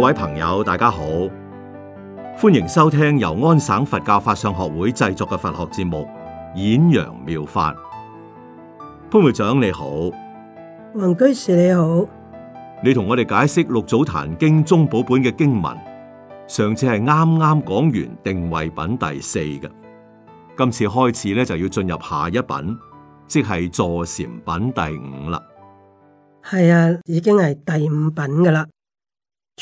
各位朋友，大家好，歡迎收聽由安省佛教法相學會製作嘅佛學節目《演揚妙，妙法》。潘會長你好，黃居士你好，你同我哋解釋《六祖壇經》宗寶本嘅經文。上次係啱啱講完定慧品第四嘅，今次開始咧就要進入下一品，即係坐禪品第五啦。係啊，已經係第五品噶啦。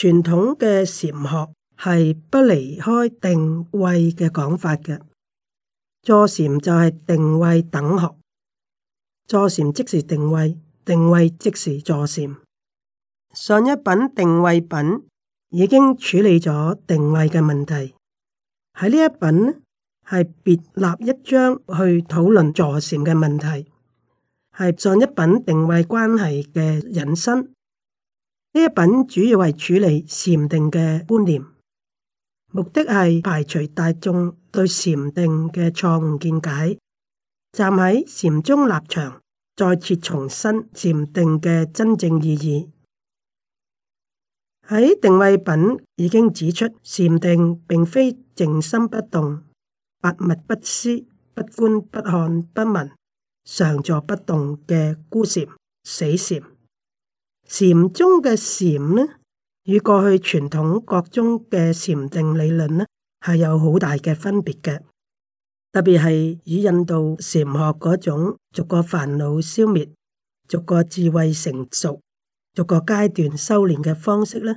傳統嘅禪學係不離開定位嘅講法嘅，坐禪就係定位等學，坐禪即時定位，定位即時坐禪。上一品定位品已經處理咗定位嘅問題，喺呢一品呢係別立一章去討論坐禪嘅問題，係上一品定位關係嘅引申。呢一品主要係處理禪定嘅觀念，目的係排除大眾對禪定嘅錯誤見解，站喺禪宗立場，再次重申禪定嘅真正意義。喺定位品已經指出，禪定並非靜心不動、百物不思、不觀不看不聞、常坐不動嘅孤禪、死禪。禪宗嘅禪呢，與過去傳統國中嘅禪定理論呢，係有好大嘅分別嘅。特別係與印度禪學嗰種逐個煩惱消滅、逐個智慧成熟、逐個階段修煉嘅方式呢，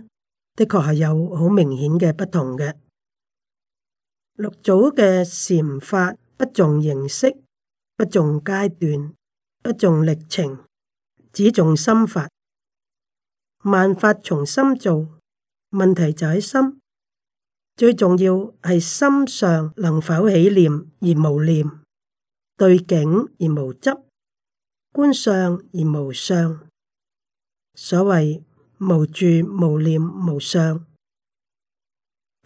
的確係有好明顯嘅不同嘅。六祖嘅禪法不重形式，不重階段，不重歷程，只重心法。萬法從心造，問題就喺心。最重要係心上能否起念而無念，對境而無執，觀相而無相。所謂無住、無念、無相，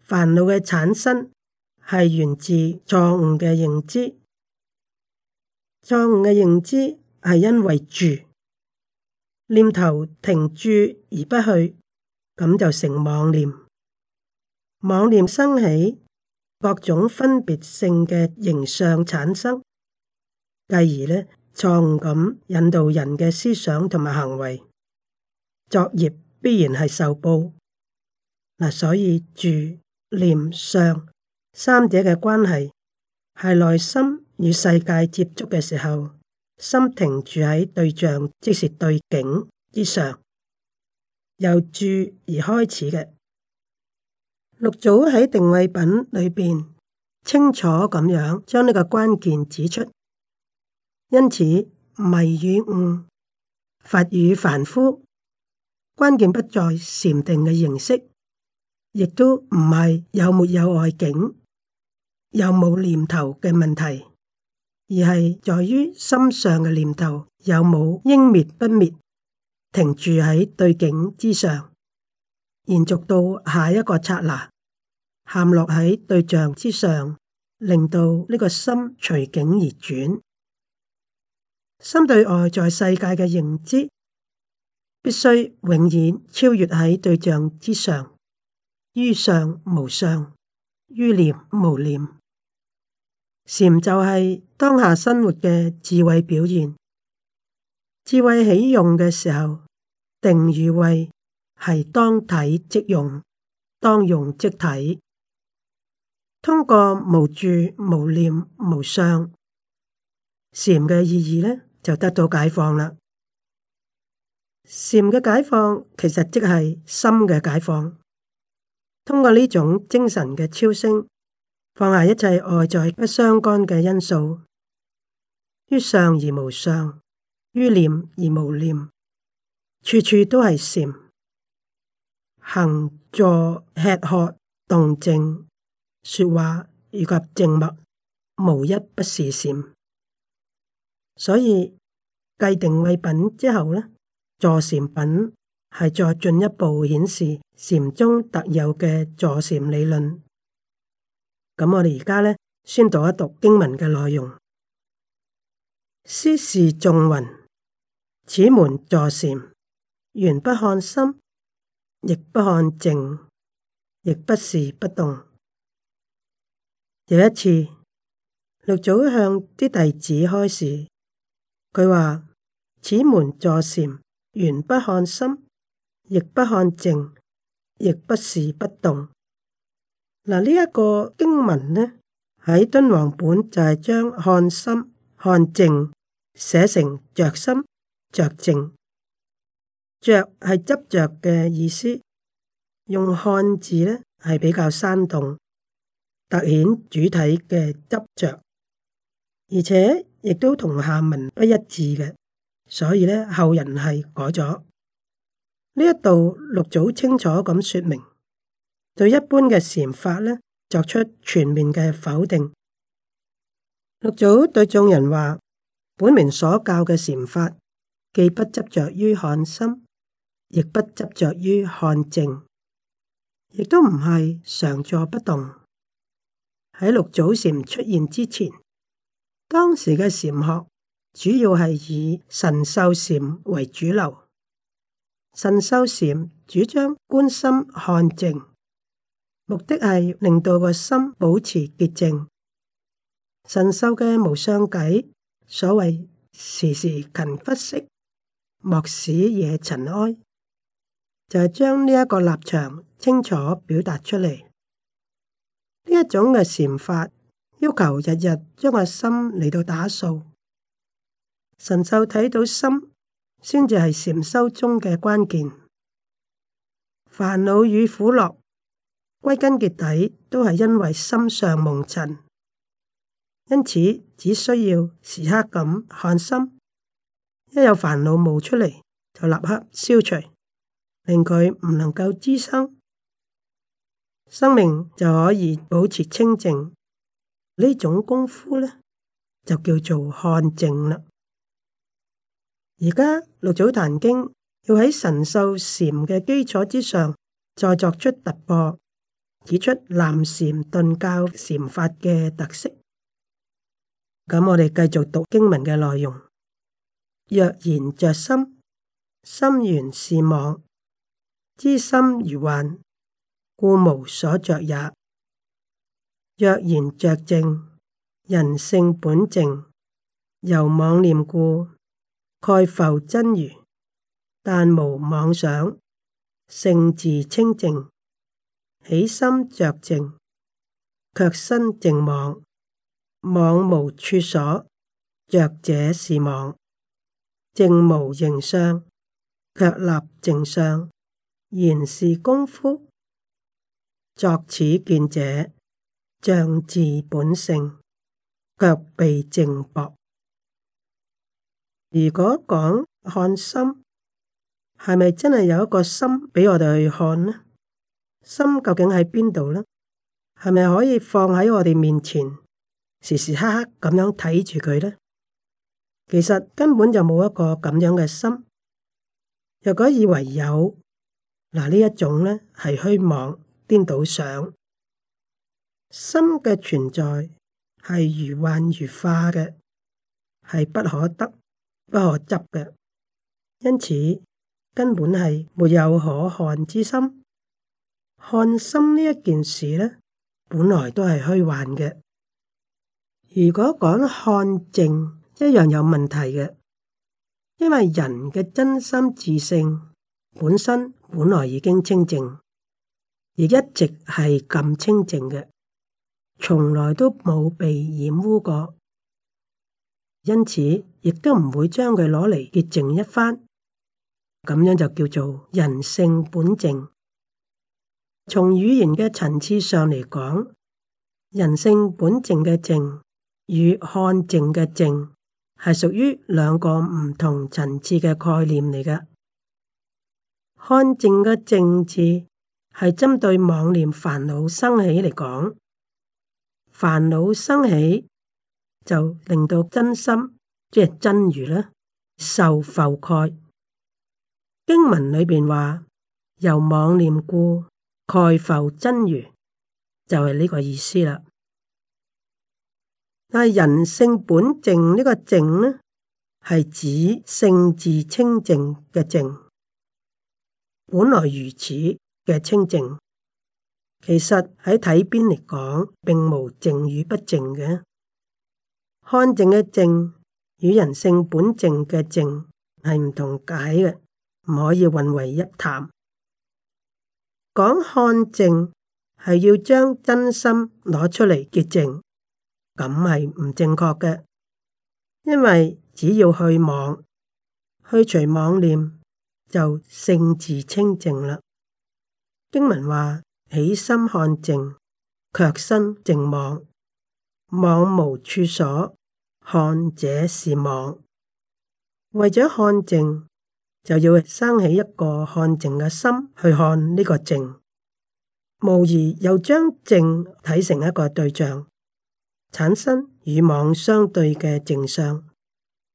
煩惱嘅產生係源自錯誤嘅認知，錯誤嘅認知係因為住。念頭停住而不去，咁就成妄念。妄念生起，各種分別性嘅形象產生，繼而呢，錯誤咁引導人嘅思想同埋行為作業，必然係受報。嗱，所以住念上三者嘅關係，係內心與世界接觸嘅時候。心停住喺對象，即是對境之上，由住而開始嘅。六祖喺定位品裏邊清楚咁樣將呢個關鍵指出。因此，迷與悟，佛與凡夫，關鍵不在禪定嘅形式，亦都唔係有沒有外境，有冇念頭嘅問題。而係在於心上嘅念頭有冇應滅不滅，停住喺對境之上，延續到下一個剎那，陷落喺對象之上，令到呢個心隨境而轉。心對外在世界嘅認知，必須永遠超越喺對象之上，於相無相，於念無念。禪就係當下生活嘅智慧表現，智慧起用嘅時候，定與慧係當體即用，當用即體。通過無住、無念、無相，禪嘅意義呢就得到解放啦。禪嘅解放其實即係心嘅解放，通過呢種精神嘅超升。放下一切外在不相干嘅因素，於相而無相，於念而無念，處處都係禪。行坐吃喝動靜說話以及靜默，無一不是禪。所以繼定慧品之後呢，坐禪品係再進一步顯示禪宗特有嘅坐禪理論。咁我哋而家咧，先讀一讀經文嘅內容。師示眾云，此門坐禪，元不看心，亦不看淨，亦不是不動。有一次，六祖向啲弟子開示，佢話：此門坐禪，元不看心，亦不看淨，亦不是不動。嗱，呢一個經文呢，喺敦煌本就係將看心看靜寫成着心着靜，着係執着嘅意思，用看字呢係比較生動，突顯主體嘅執着，而且亦都同下文不一致嘅，所以呢後人係改咗呢一度，六祖清楚咁説明。對一般嘅禪法呢，作出全面嘅否定。六祖對眾人話：本名所教嘅禪法，既不執着於看心，亦不執着於看淨，亦都唔係常坐不動。喺六祖禪出現之前，當時嘅禪學主要係以神秀禪為主流。神秀禪主張觀心看淨。目的係令到個心保持潔淨，神秀嘅《無相偈》。所謂時時勤拂拭，莫使惹塵埃，就係將呢一個立場清楚表達出嚟。呢一種嘅禪法要求日日將個心嚟到打掃，神秀睇到心先至係禪修中嘅關鍵。煩惱與苦樂歸根結底都係因為心上蒙塵，因此只需要時刻咁看心，一有煩惱冒出嚟，就立刻消除，令佢唔能夠滋生，生命就可以保持清淨。呢種功夫呢，就叫做看淨啦。而家六祖壇經要喺神秀禪嘅基礎之上再作出突破。指出南禪頓教禪法嘅特色，咁我哋繼續讀經文嘅內容。若然着心，心源是妄，知心如幻，故無所着也。若然着淨，人性本淨，由妄念故，蓋浮真如，但無妄想，性自清淨。起心着靜，却身靜妄，妄無處所，著者是妄；靜無形相，却立靜相，言是功夫。作此見者，障自本性，却被靜薄。如果講看心，係咪真係有一個心俾我哋去看呢？心究竟喺邊度呢？係咪可以放喺我哋面前，時時刻刻咁樣睇住佢呢？其實根本就冇一個咁樣嘅心。若果以為有，嗱，呢一種呢係虛妄、顛倒想。心嘅存在係如幻如化嘅，係不可得、不可執嘅。因此根本係沒有可看之心。看心呢一件事呢，本來都係虛幻嘅。如果講看淨，一樣有問題嘅，因為人嘅真心自性本身本來已經清淨，亦一直係咁清淨嘅，從來都冇被染污過，因此亦都唔會將佢攞嚟潔淨一番。咁樣就叫做人性本淨。從語言嘅層次上嚟講，人性本淨嘅淨與看淨嘅淨係屬於兩個唔同層次嘅概念嚟嘅。看淨嘅淨字係針對妄念煩惱生起嚟講，煩惱生起就令到真心，即係真如啦，受浮蓋。經文裏邊話由妄念故。蓋浮真如就係、是、呢個意思啦。但係人性本淨呢個淨呢，係指性自清淨嘅淨，本來如此嘅清淨。其實喺體邊嚟講，並無淨與不淨嘅。看淨嘅淨與人性本淨嘅淨係唔同解嘅，唔可以混為一談。講看淨係要將真心攞出嚟潔淨，咁係唔正確嘅，因為只要去妄、去除妄念，就性自清淨啦。經文話：起心看淨，却身淨妄，妄無處所，看者是妄。為咗看淨。就要生起一個看靜嘅心去看呢個靜，無疑又將靜睇成一個對象，產生與妄相對嘅靜相。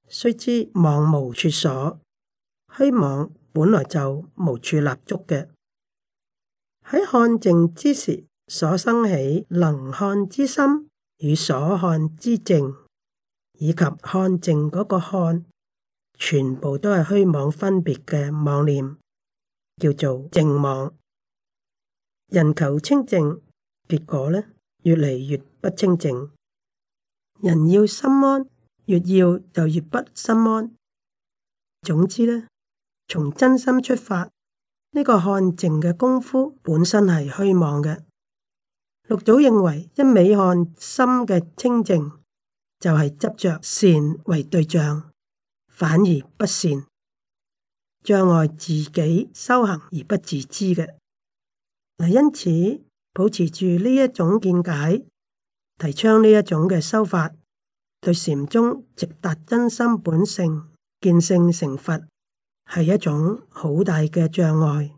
須知妄無處所，虛妄本來就無處立足嘅。喺看靜之時，所生起能看之心與所看之靜，以及看靜嗰個看。全部都係虛妄分別嘅妄念，叫做靜妄。人求清靜，結果呢，越嚟越不清靜。人要心安，越要就越不心安。總之呢，從真心出發，呢、這個看靜嘅功夫本身係虛妄嘅。六祖認為，一味看心嘅清靜，就係、是、執着善為對象。反而不善障礙自己修行而不自知嘅。嗱，因此保持住呢一種見解，提倡呢一種嘅修法，對禪宗直達真心本性見性成佛係一種好大嘅障礙。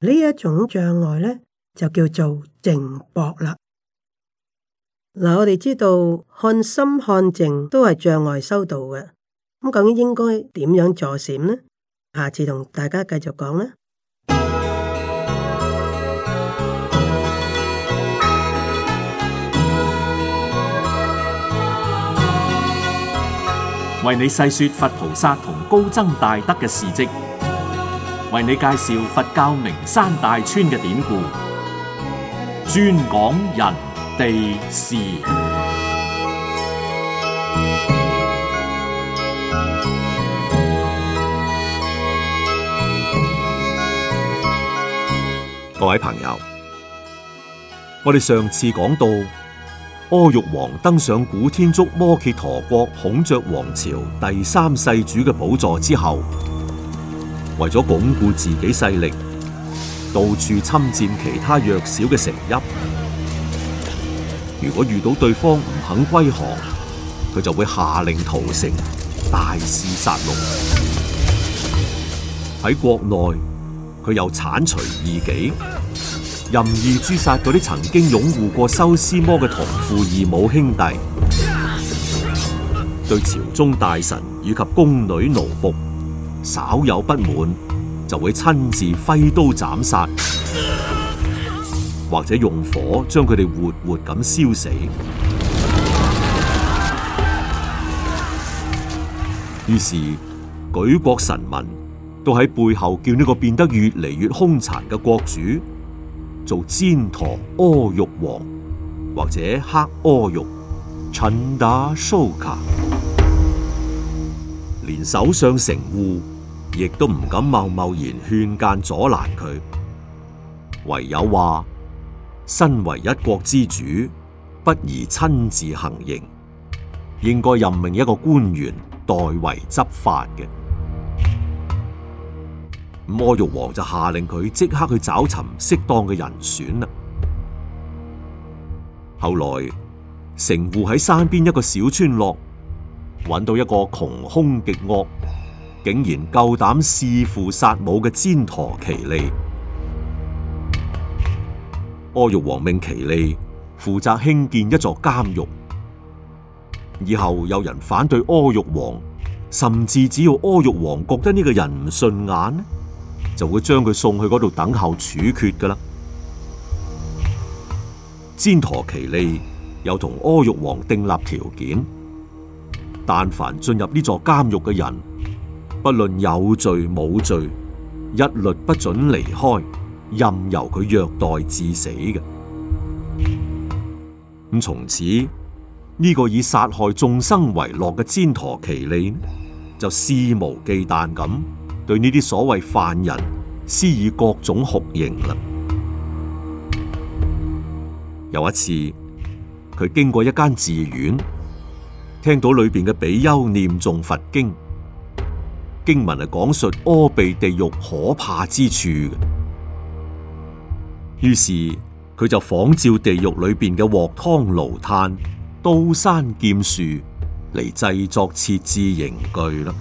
呢一種障礙呢，就叫做靜博啦。嗱，我哋知道看心看靜都係障礙修道嘅。咁究竟應該點樣助善呢？下次同大家繼續講啦。為你細說佛菩薩同高僧大德嘅事跡，為你介紹佛教名山大川嘅典故，專講人地事。各位朋友，我哋上次講到，阿育王登上古天竺摩揭陀國孔雀王朝第三世主嘅寶座之後，為咗鞏固自己勢力，到處侵佔其他弱小嘅城邑。如果遇到對方唔肯歸降，佢就會下令屠城、大肆殺戮。喺國內。佢又鏟除異己，任意誅殺嗰啲曾經擁護過修斯魔嘅同父異母兄弟， 對朝中大臣以及宮女奴僕稍有不滿，就會親自揮刀斬殺，或者用火將佢哋活活咁燒死。於 是舉國神民。都喺背後叫呢個變得越嚟越凶殘嘅國主做旃陀阿育王，或者黑阿育陳打蘇卡，連首相成戶亦都唔敢貿貿然勸諫阻攔佢，唯有話身為一國之主，不宜親自行刑，應該任命一個官員代為執法嘅。柯玉王就下令佢即刻去找尋適當嘅人選啦。後來城戶喺山邊一個小村落揾到一個窮凶極惡、竟然夠膽弒父殺母嘅奸陀奇利。柯玉王命奇利負責興建一座監獄。以後有人反對柯玉王，甚至只要柯玉王覺得呢個人唔順眼就會將佢送去嗰度等候處決㗎喇。旃陀奇利有同阿育王訂立條件，但凡進入呢座監獄嘅人，不論有罪冇罪，一律不准離開，任由佢虐待致死嘅。咁從此呢個以殺害眾生為樂嘅旃陀奇利就肆無忌憚咁。對呢啲所謂犯人施以各種酷刑啦。有一次，佢經過一間寺院，聽到裏邊嘅比丘念誦佛經，經文係講述阿鼻地獄可怕之處嘅。於是佢就仿照地獄裏邊嘅鑊湯爐炭、刀山劍樹嚟製作設置刑具啦。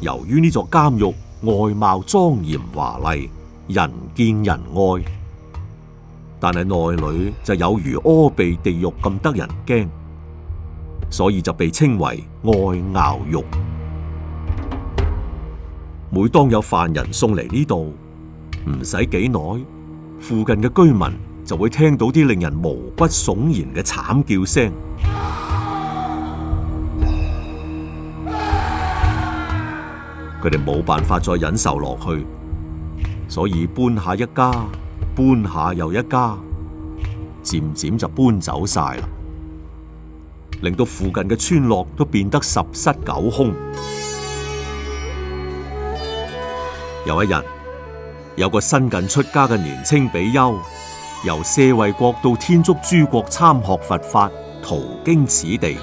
由於呢座監獄外貌莊嚴華麗，人見人愛，但係內裏就有如阿鼻地獄咁得人驚，所以就被稱為外熬獄。每當有犯人送嚟呢度，唔使幾耐，附近嘅居民就會聽到啲令人毛骨悚然嘅慘叫聲。佢哋冇辦法再忍受落去，所以搬下一家，搬下又一家，漸漸就搬走晒啦，令到附近嘅村落都變得十室九空。有一日，有個新近出家嘅年青比丘，由舍衛國到天竺諸國參學佛法，途經此地，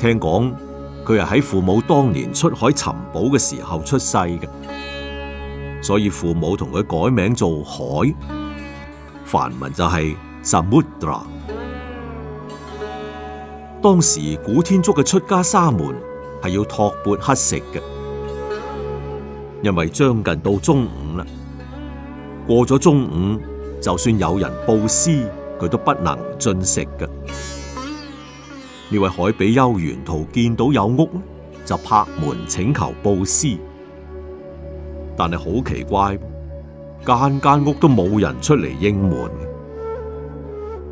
聽講。佢係喺父母當年出海尋寶嘅時候出世嘅，所以父母同佢改名做海。梵文就係 Samudra。當時古天竺嘅出家沙門係要托缽乞食嘅，因為將近到中午啦，過咗中午就算有人布施佢都不能進食嘅。呢位海比丘沿途見到有屋，就拍門請求布施，但係好奇怪，間間屋都冇人出嚟應門，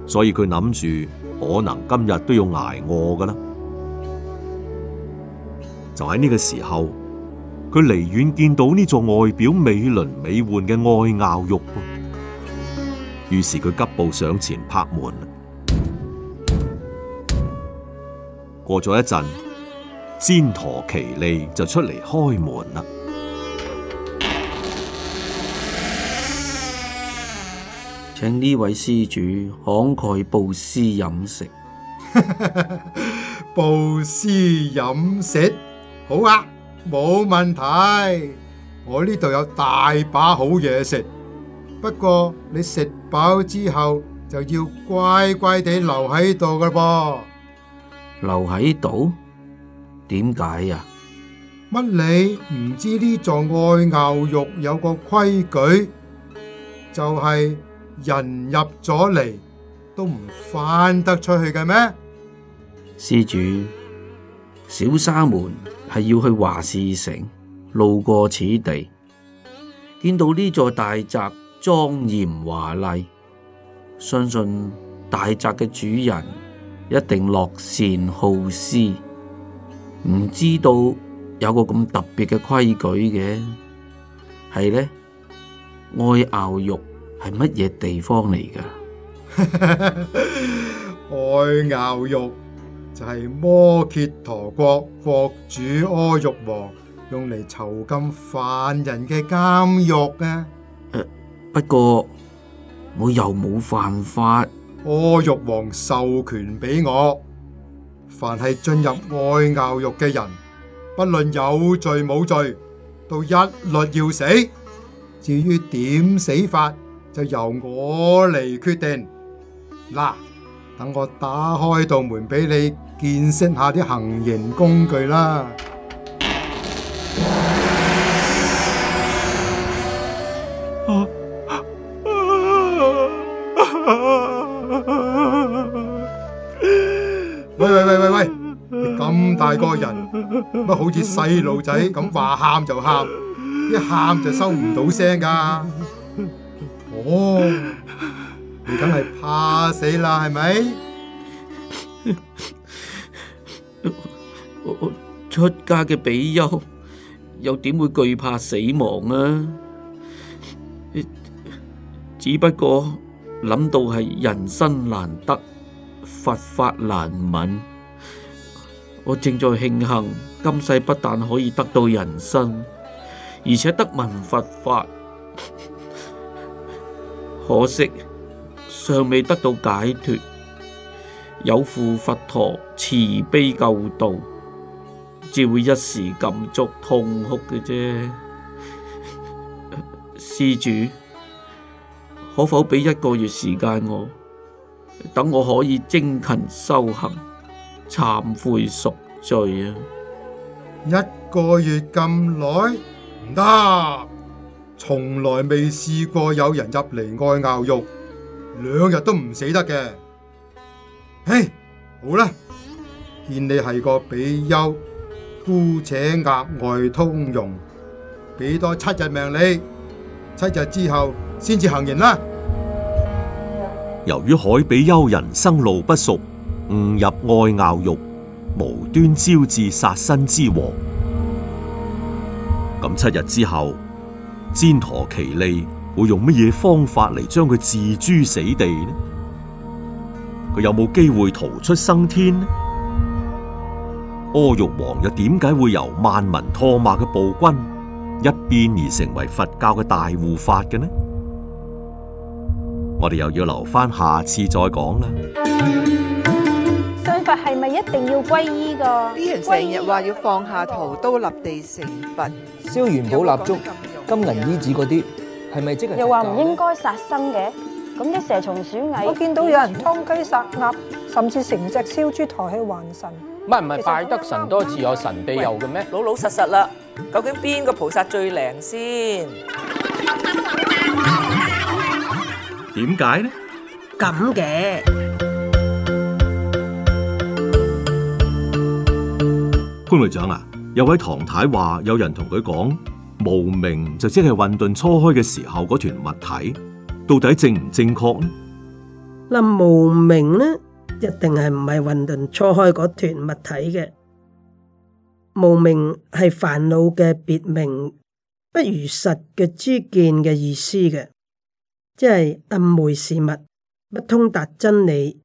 所以佢諗住可能今日都要挨餓噶啦。就喺呢個時候，佢離遠見到呢座外表美輪美奐嘅愛咬肉，於是佢急步上前拍門。過咗一陣，煎陀奇利就出嚟開門啦。請呢位施主慷慨布施飲食。布施飲食，好啊，冇問題。我呢度有大把好嘢食。不過你食飽之後，就要乖乖地留喺度噶啦噃。留喺度點解呀？乜你唔知呢座愛牛肉有個規矩，就係人入咗嚟都唔翻得出去嘅咩？施主，小沙門係要去華士城，路過此地，見到呢座大宅莊嚴華麗，相信大宅嘅主人一定樂善好施，唔知道有個咁特別嘅規矩嘅。係呢愛牛肉係乜嘢地方嚟噶？ 愛牛肉就係摩羯陀國國主阿育王用嚟囚禁犯人嘅監獄啊！呃，不過我又冇犯法。柯玉王授權俾我，凡係進入愛咬獄嘅人，不論有罪冇罪，都一律要死。至於點死法，就由我嚟決定。嗱，等我打開道門俾你見識下啲行刑工具啦。大個人乜好似細路仔咁話喊就喊，一喊就收唔到聲㗎。哦，你咁係怕死啦，係咪？ 我出家嘅比丘又點會懼怕死亡啊？只不過諗到係人生難得，佛法難聞。我正在慶幸，今世不但可以得到人身，而且得聞佛法，可惜尚未得到解脫。有負佛陀慈悲救度，只會一時感觸痛哭嘅啫。施主，可否俾一個月時間我，等我可以精勤修行？懺悔贖罪啊！一個月咁耐唔得，從來未試過有人入嚟外熬肉，兩日都唔死得嘅。嘿，好啦，見你係個比丘，姑且額外通融，俾多七日命你，七日之後先至行刑啦。由於海比丘人生路不熟。誤入愛咬肉，無端招致殺身之禍。咁七日之後，旃陀奇利會用乜嘢方法嚟將佢置諸死地呢？佢有冇機會逃出生天呢？阿育王又點解會由萬民唾罵嘅暴君一變而成為佛教嘅大護法嘅呢？我哋又要留翻下，下次再講啦。係咪一定要皈依噶？啲人成日話要放下屠刀立地成佛，燒元寶蠟燭、金銀衣紙嗰啲，係咪即係？又話唔應該殺生嘅，咁啲蛇蟲鼠蟻，我見到有人劏雞殺鴨，甚至成隻燒豬抬去還神。唔係唔係，拜得神多自有神庇佑嘅咩？老老實實啦，究竟邊個菩薩最靈先？點解呢？咁嘅。潘隊長啊，有位唐太話有人同佢講，無明就即係混沌初開嘅時候嗰團物體，到底正唔正確呢？嗱，無明呢一定係唔係混沌初開嗰團物體嘅？無明係煩惱嘅別名，不如實嘅知見嘅意思嘅，即係暗昧事物，不通達真理，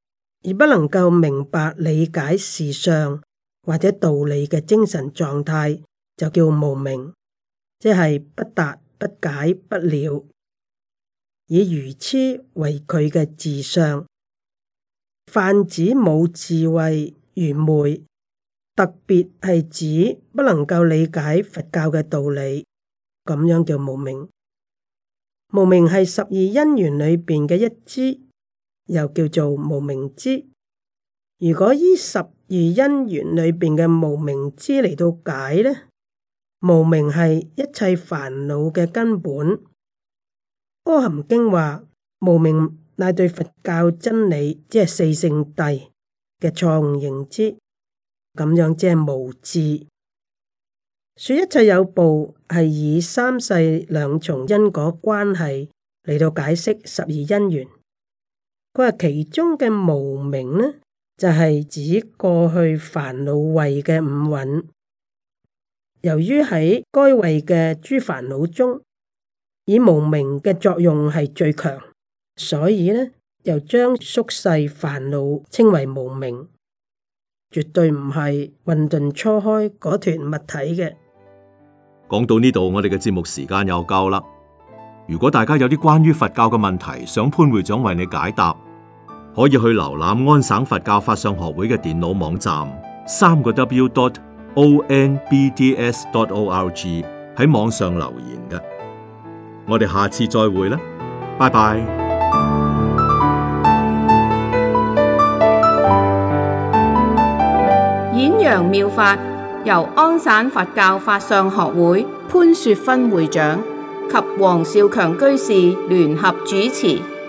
而不能夠明白理解事相。或者道理嘅精神狀態就叫無明，即係不達、不解、不了，以愚癡為佢嘅智相。泛指冇智慧愚昧，特別係指不能夠理解佛教嘅道理，咁樣叫無明。無明係十二因緣裏邊嘅一支，又叫做無明支。如果依十二因緣裏邊嘅無明之嚟到解呢？無明係一切煩惱嘅根本。阿含經話無明乃對佛教真理即係四聖諦嘅錯誤認知，咁樣即係無智。說一切有部係以三世兩重因果關係嚟到解釋十二因緣，佢話其中嘅無明呢？就係指過去煩惱位嘅五蘊，由於喺該位嘅諸煩惱中，以無明嘅作用係最強，所以呢，又將宿世煩惱稱為無明，絕對唔係混沌初開嗰團物體嘅。講到呢度，我哋嘅節目時間又夠啦。如果大家有啲關於佛教嘅問題，想潘會長為你解答。可以去瀏覽安省佛教法相學會嘅電腦網站，三個 w.dot.onbds.dot.org 喺網上留言嘅。我哋下次再會啦，拜拜。演揚妙法由安省佛教法相學會潘雪芬會長及黃少強居士聯合主持。